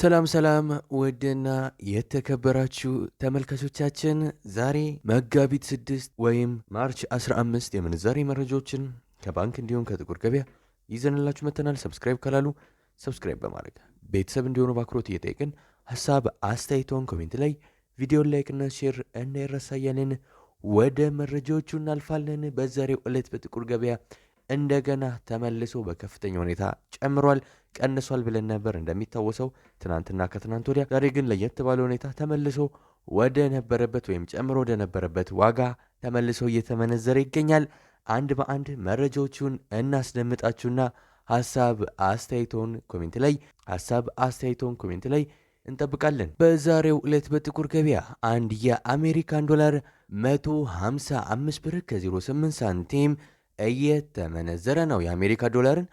ሰላም ሰላም ውድና የተከበራችሁ ተመልካቾቻችን ዛሬ መጋቢት 6 ወይም ማርች 15 የምንዛሬ መረጃዎችን ከባንክ እንዲሁም ከጥቁር ገበያ ይዘንላችሁ መተናል። ሰብስክራይብ ካላሉ ሰብስክራይብ በማድረግ ቤተሰብ እንዲሆኑ በአክብሮት እየጠየቅን ሀሳብ አስተያየቶን ኮሜንት ላይ ቪዲዮን ላይክና ሼር እንዳይረሳ ወደ መረጃዎቹ እናልፋለን። በዛሬው ዕለት በጥቁር ገበያ እንደገና ተመልሶ በከፍተኛ ሁኔታ ጨምሯል። ቀንሷል ብለን ነበር እንደሚታወሰው ትናንትና ከትናንት ወዲያ። ዛሬ ግን ለየት ባለ ሁኔታ ተመልሶ ወደ ነበረበት ወይም ጨምሮ ወደ ነበረበት ዋጋ ተመልሶ እየተመነዘረ ይገኛል። አንድ በአንድ መረጃዎቹን እናስደምጣችሁና ሀሳብ አስተያየቶን ኮሜንት ላይ ሀሳብ አስተያየቶን ኮሜንት ላይ እንጠብቃለን። በዛሬው ዕለት በጥቁር ገበያ አንድ የአሜሪካን ዶላር 155 ብር ከ08 ሳንቲም እየተመነዘረ ነው። የአሜሪካ ዶላርን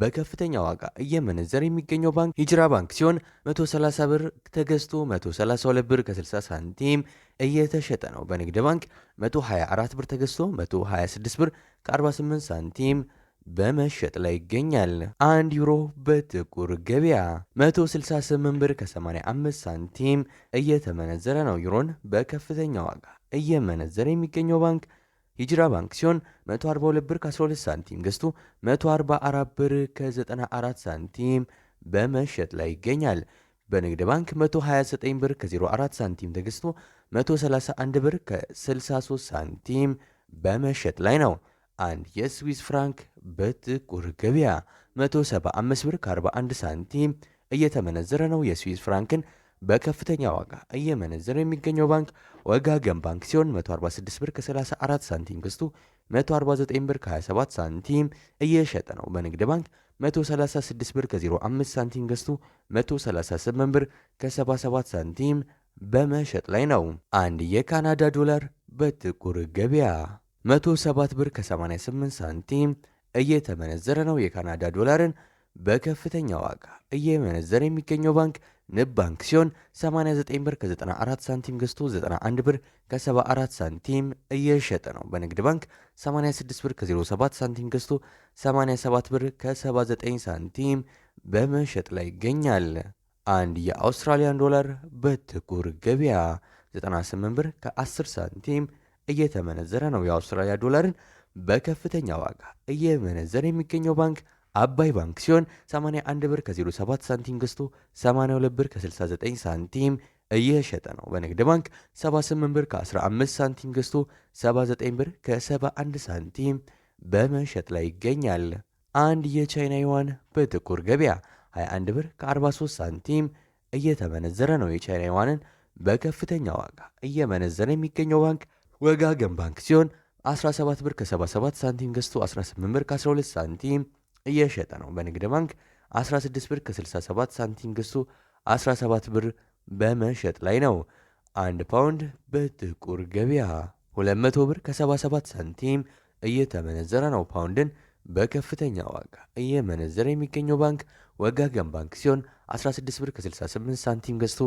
በከፍተኛ ዋጋ እየመነዘር የሚገኘው ባንክ ሂጅራ ባንክ ሲሆን 130 ብር ተገዝቶ 132 ብር ከ60 ሳንቲም እየተሸጠ ነው። በንግድ ባንክ 124 ብር ተገዝቶ 126 ብር ከ48 ሳንቲም በመሸጥ ላይ ይገኛል። አንድ ዩሮ በጥቁር ገበያ 168 ብር ከ85 ሳንቲም እየተመነዘረ ነው። ዩሮን በከፍተኛ ዋጋ እየመነዘረ የሚገኘው ባንክ ሂጅራ ባንክ ሲሆን 142 ብር ከ12 ሳንቲም ገዝቶ 144 ብር ከ94 ሳንቲም በመሸጥ ላይ ይገኛል። በንግድ ባንክ 129 ብር ከ04 ሳንቲም ተገዝቶ 131 ብር ከ63 ሳንቲም በመሸጥ ላይ ነው። አንድ የስዊስ ፍራንክ በጥቁር ገበያ 175 ብር ከ41 ሳንቲም እየተመነዘረ ነው። የስዊስ ፍራንክን በከፍተኛ ዋጋ እየመነዘረ የሚገኘው ባንክ ወጋገን ባንክ ሲሆን 146 ብር ከ34 ሳንቲም ገዝቶ 149 ብር ከ27 ሳንቲም እየሸጠ ነው። በንግድ ባንክ 136 ብር ከ05 ሳንቲም ገዝቶ 138 ብር ከ77 ሳንቲም በመሸጥ ላይ ነው። አንድ የካናዳ ዶላር በጥቁር ገበያ 107 ብር ከ88 ሳንቲም እየተመነዘረ ነው። የካናዳ ዶላርን በከፍተኛ ዋጋ እየመነዘረ የሚገኘው ባንክ ንብ ባንክ ሲሆን 89 ብር ከ94 ሳንቲም ገዝቶ 91 ብር ከ74 ሳንቲም እየሸጠ ነው። በንግድ ባንክ 86 ብር ከ07 ሳንቲም ገዝቶ 87 ብር ከ79 ሳንቲም በመሸጥ ላይ ይገኛል። አንድ የአውስትራሊያን ዶላር በጥቁር ገበያ 98 ብር ከ10 ሳንቲም እየተመነዘረ ነው። የአውስትራሊያ ዶላርን በከፍተኛ ዋጋ እየመነዘረ የሚገኘው ባንክ አባይ ባንክ ሲሆን 81 ብር ከ07 ሳንቲም ገዝቶ 82 ብር ከ69 ሳንቲም እየሸጠ ነው። በንግድ ባንክ 78 ብር ከ15 ሳንቲም ገዝቶ 79 ብር ከ71 ሳንቲም በመሸጥ ላይ ይገኛል። አንድ የቻይና ዩዋን በጥቁር ገበያ 21 ብር ከ43 ሳንቲም እየተመነዘረ ነው። የቻይና ዩዋንን በከፍተኛ ዋጋ እየመነዘረ የሚገኘው ባንክ ወጋገን ባንክ ሲሆን 17 ብር ከ77 ሳንቲም ገዝቶ 18 ብር ከ12 ሳንቲም እየሸጠ ነው። በንግድ ባንክ 16 ብር ከ67 ሳንቲም ገዝቶ 17 ብር በመሸጥ ላይ ነው። አንድ ፓውንድ በጥቁር ገበያ 200 ብር ከ77 ሳንቲም እየተመነዘረ ነው። ፓውንድን በከፍተኛ ዋጋ እየመነዘረ የሚገኘው ባንክ ወጋገን ባንክ ሲሆን 16 ብር ከ68 ሳንቲም ገዝቶ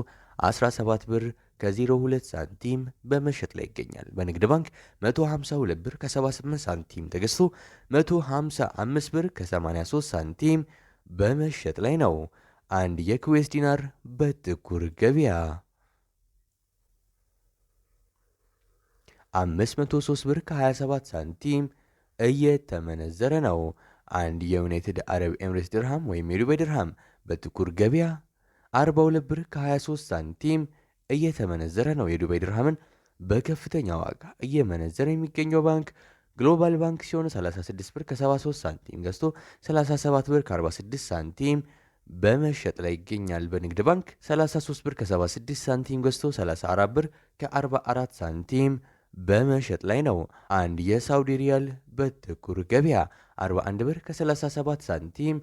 17 ብር ከ02 ሳንቲም በመሸጥ ላይ ይገኛል። በንግድ ባንክ 152 ብር ከ78 ሳንቲም ተገዝቶ 155 ብር ከ83 ሳንቲም በመሸጥ ላይ ነው። አንድ የኩዌስ ዲናር በጥቁር ገበያ 503 ብር ከ27 ሳንቲም እየተመነዘረ ነው። አንድ የዩናይትድ አረብ ኤምሬትስ ድርሃም ወይም የዱባይ ድርሃም በጥቁር ገበያ 42 ብር ከ23 ሳንቲም እየተመነዘረ ነው። የዱባይ ድርሃምን በከፍተኛ ዋጋ እየመነዘረ የሚገኘው ባንክ ግሎባል ባንክ ሲሆን 36 ብር ከ73 ሳንቲም ገዝቶ 37 ብር ከ46 ሳንቲም በመሸጥ ላይ ይገኛል። በንግድ ባንክ 33 ብር ከ76 ሳንቲም ገዝቶ 34 ብር ከ44 ሳንቲም በመሸጥ ላይ ነው። አንድ የሳውዲ ሪያል በጥቁር ገበያ 41 ብር ከ37 ሳንቲም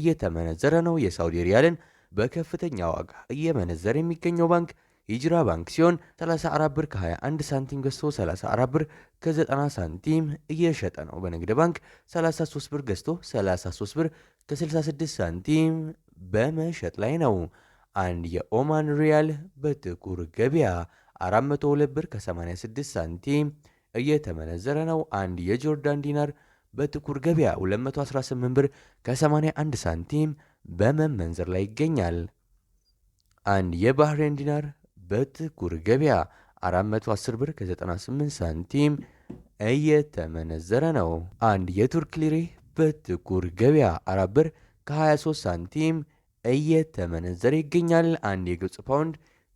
እየተመነዘረ ነው። የሳውዲ ሪያልን በከፍተኛ ዋጋ እየመነዘረ የሚገኘው ባንክ ሂጅራ ባንክ ሲሆን 34 ብር ከ21 ሳንቲም ገዝቶ 34 ብር ከ90 ሳንቲም እየሸጠ ነው። በንግድ ባንክ 33 ብር ገዝቶ 33 ብር ከ66 ሳንቲም በመሸጥ ላይ ነው። አንድ የኦማን ሪያል በጥቁር ገበያ 402 ብር ከ86 ሳንቲም እየተመነዘረ ነው። አንድ የጆርዳን ዲናር በጥቁር ገበያ 218 ብር ከ81 ሳንቲም በመመንዘር ላይ ይገኛል። አንድ የባህሬን ዲናር በጥቁር ገበያ 410 ብር ከ98 ሳንቲም እየተመነዘረ ነው። አንድ የቱርክ ሊሬ በጥቁር ገበያ 4 ብር ከ23 ሳንቲም እየተመነዘረ ይገኛል። አንድ የግብፅ ፓውንድ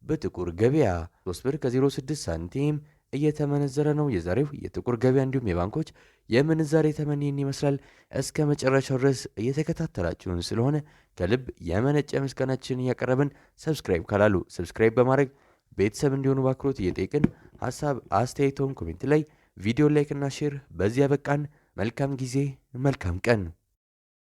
በጥቁር ገበያ 3 ብር ከ06 ሳንቲም እየተመነዘረ ነው። የዛሬው የጥቁር ገበያ እንዲሁም የባንኮች የምንዛሬ ተመን ይህን ይመስላል። እስከ መጨረሻው ድረስ እየተከታተላችሁን ስለሆነ ከልብ የመነጨ ምስጋናችንን እያቀረብን ሰብስክራይብ ካላሉ ሰብስክራይብ በማድረግ ቤተሰብ እንዲሆኑ በአክብሮት እየጠየቅን ሀሳብ አስተያየቶን ኮሜንት ላይ ቪዲዮ ላይክና ሼር። በዚያ በቃን። መልካም ጊዜ፣ መልካም ቀን